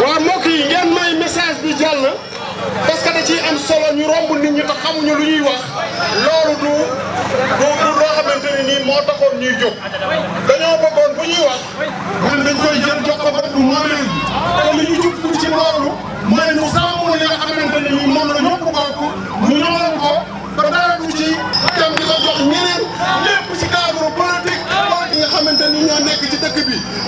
waaw mbokk yi ngeen may message bi jàll parce que da ciy am solo ñu romb nit ñu te lu ñuy wax loolu du du du loo xamante ni nii moo taxoon ñuy jóg dañoo bëggoon bu ñuy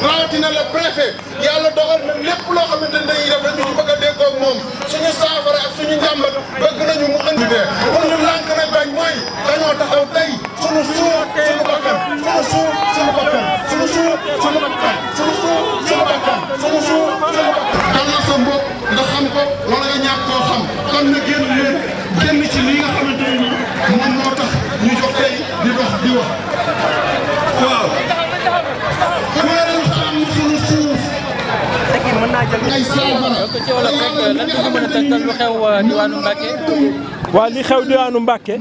rawatina le préfet yàlla dogal na lépp loo xamante ne dañuy def ñu bëgg a déggoo ak moom suñu saafara suñu njàmbat bëgg nañu mu andi dee pour ñu lànk nañ bañ mooy dañoo taxaw tey suñu suñu suñu suuf suñu am na sa mbokk nga xam ko wala nga ñàkk koo xam kon na génn leen génn ci lii nga xamante ne moom moo tax ñu jox tey di dox di wax waa naa jël donc ci wolof euh,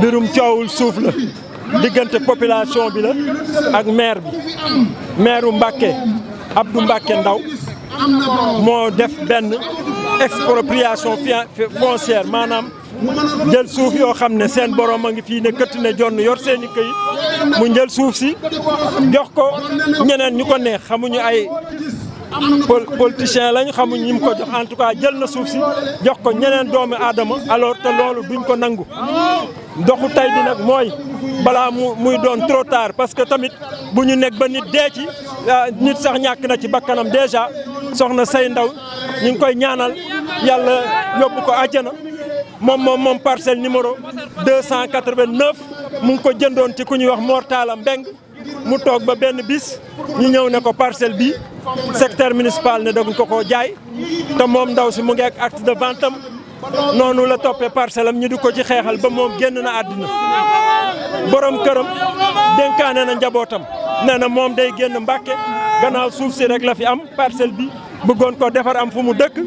mbirum coowul suuf la diggante population bi la ak maire bi mbakke Mbacke Abdou Mbacke Ndaw moo def benn expropriation foncière maanaam jël suuf yoo xam ne seen borom a ngi fii ne këtt ne jonn yor seeni këyit mu jël suuf si jox ko ñeneen ñu ko neex xamuñu ay politicien lañ xamuñ ñu mu ko jox en tout cas jël na suuf si jox ko ñeneen doomi aadama alors te loolu duñ ko nangu doxu tey bi nag mooy balaa mu muy doon trop tard parce que tamit bu ñu nekk ba nit dee ci ah, nit sax ñàkk na ci bakkanam déjà soxna say ndaw ñu ngi koy ñaanal yàlla yóbbu ko àjjana moom moom moom parcelle numéro 289 mu ngi ko jëndoon ci ku ñuy wax Mortala Mbeng mu toog ba benn bis ñu ñëw ne ko parcelle bii secteur municipal ne daguñ ko koo jaay te moom ndaw si mu ngi ak acte de vente am noonu la toppee parcelle am ñu di ko ci xeexal ba moom génn na àddina borom këram dénkaane na njabootam nee na moom day génn Mbàkke gannaaw suuf si rek la fi am parcelle bi bëggoon koo defar am fu mu dëkk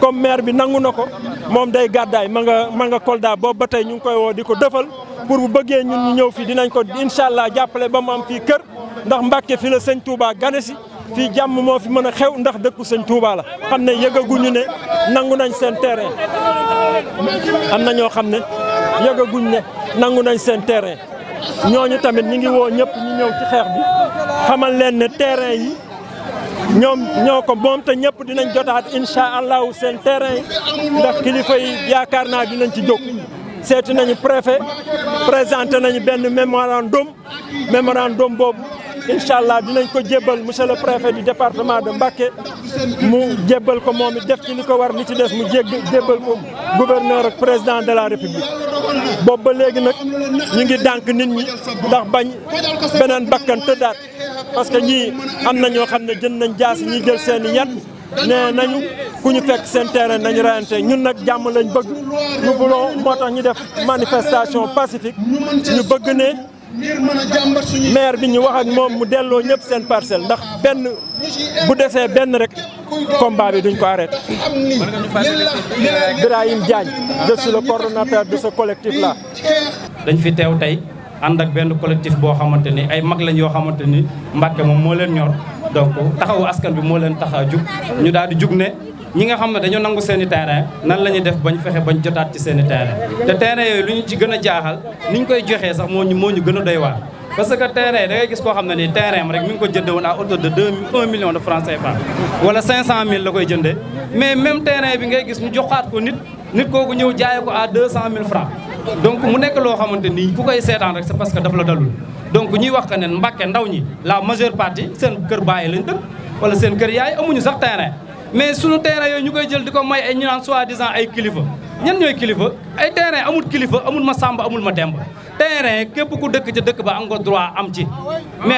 comme maire bi nangu na ko moom day gàddaay ma nga ma nga Kolda boobu ba tey ñu ngi koy woo di ko dëfal pour bu bëggee ñun ñu ñëw fii dinañ ko incha allah jàppale ba mu am fii kër ndax Mbàkke fi la sëñ Touba gane si fii jàmm moo fi mën a xew ndax dëkku sëñ Touba la. xam ne yëgaguñu ne nangu nañ seen terrain am na ñoo xam ne yëgaguñ ne nangu nañ seen terrain ñooñu tamit ñi ngi woo ñëpp ñu ñëw ci xeex bi xamal leen ne terrain yi. ñoom ñoo ko moom te ñëpp dinañ jotaat incha allahu seen terrain yi ndax kilifa yi yaakaar naa dinañ ci jóg seeti nañu préfet présenté nañu benn mémorandum mémorandum boobu incha allah dinañ ko jébbal monsieur le préfet du département de Mbacké mu jébbal ko moom it def ci li ko war li ci des mu jégg jébbal ko gouverneur ak président de la république. boobu ba léegi nag ñi ngi dànk nit ñi ndax bañ beneen bakkan tëddaat parce que ñii am na ñoo xam ne jën nañ jaas ñi jël seen i yat nee nañu ku ñu fekk seen terrain nañu rayante ñun nag jàmm lañ bëgg ñu buloo moo tax ñu def manifestation pacifique ñu bëgg ne. maire bi ñu wax ak moom mu delloo ñëpp seen parcelle ndax benn bu desee benn rek combat bi duñ ko arrêté. Birahim Diagne je suis le coordonnateur de ce collectif fi teew tey ànd ak benn collectif boo xamante ni ay mag lañ yoo xamante ni Mbàkke moom moo leen ñor donc taxawu askan bi moo leen tax a jug ñu daal di jug ne. ñi nga xam ne dañoo nangu seeni i nan la def ba bañ fexe bañ jotaat ci seen i terrain te terrain yooyu lu ñu ci gën a jaaxal ni ñu koy joxee sax moo ñu moo ñu gën a doy waar parce que terrain da gis koo xam ne nii terrain rek mi ngi ko jënde woon à hauteur de 2 1 million de francs CFA la koy jëndee mais même terrain bi ngay gis ñu joxaat ko nit nit kooku ñëw jaaye ko à 200000 francs donc mu nekk loo xamante ni ku koy seetaan rek sa parce que daf la dalul donc ñuy wax que ne Mbàkke ndaw ñi la majeure partie seen kër bàyyi lañ dëkk wala seen kër yaay amuñu sax terrain mais sunu terrain yooyu ñu koy jël di ko may ay ñu naan soi-disant ay kilifa ñan ñooy kilifa ay terrain amul kilifa amul ma sàmba amul ma demba terrain képp ku dëkk ca dëkk ba am nga droit am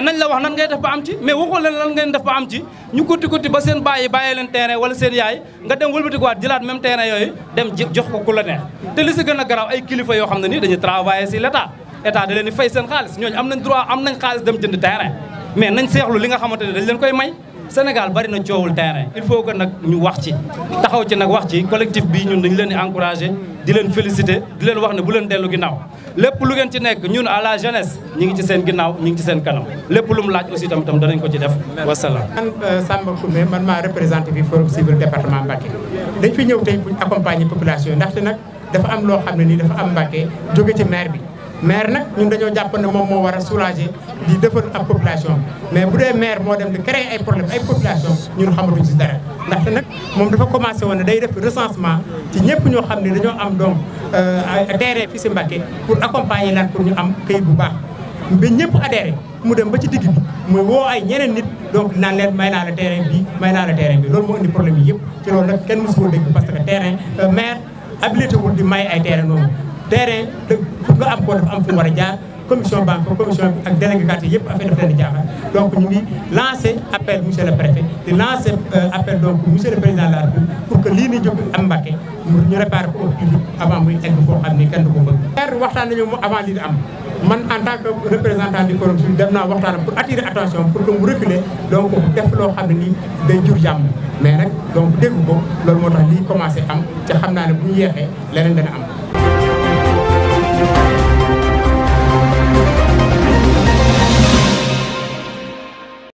nañ la wax nan ngay def ba ci mais ngeen def am ci ñu kuti kuti leen terrain wala seen yaay nga dem wëlbatikuwaat jëlaat même terrain yooyu jox ko ku la neex a kilifa yoo xam ne nii dañuy travailler si l'état état da leen di xaalis am nañ droit am nañ xaalis dem jënd terrain mais nañ seexlu li nga xamante ne dañ leen koy may Sénégal bari na coowul terrain il faut que nag ñu wax ci taxaw ci nag wax ci collectif bii ñun dañu leen di encouragé di leen félicité di leen wax ne bu leen dellu ginnaaw lépp lu ngeen ci nekk ñun à la jeunesse ñi ngi ci seen ginnaaw ñi ngi ci seen kanam lépp lu mu laaj aussi tam tam danañ ko ci def wasalaam. man euh, Samba Koumé man maa représenté fi Forum Civil département Mbacké dañ fi ñëw tey pour accompagner population ndaxte nag dafa am loo xam ne nii am Mbacké jóge ci maire bi. maire nag ñun dañoo jàpp moom moo war a soulager di defar ab population mais bu dee maire moo dem di créer ay problème ay population ñun xamatuñ si dara ndaxte nag moom dafa commencé woon ne day def recensement ci ñëpp ñoo xam ne dañoo am donc euh, terrain fii si Mbacké pour accompagner leen pour ñu am këyit bu baax ba ñëpp adhéré mu dem ba ci digg bi muy woo ay ñeneen nit donc nan leen may naa la terrain bi may naa la terrain bi loolu moo indi problème yi yëpp ci loolu nag kenn mosu koo dégg parce que terrain euh, maire habilité wul di may ay terrain am ko dafa am fu mu war a jaar commission banque commission bi ak délégué quartier yëpp affaire daf leen jaaxal donc ñu lancé appel monsieur le préfet di lancé euh, appel donc monsieur le président la République pour que lii ni jóg am Mbacké ñu réparé ko au plus vite avant muy egg foo xam ne kenn du ko bëgg. maire waxtaan nañu mu avant lii di am man en tant que représentant du corps dem naa waxtaan pour attirer attention pour que mu reculer donc def loo xam ne nii day jur jàmm mais rek donc dégg ko loolu moo tax li commencé am ca xam naa ne bu ñu yeexee leneen dana am.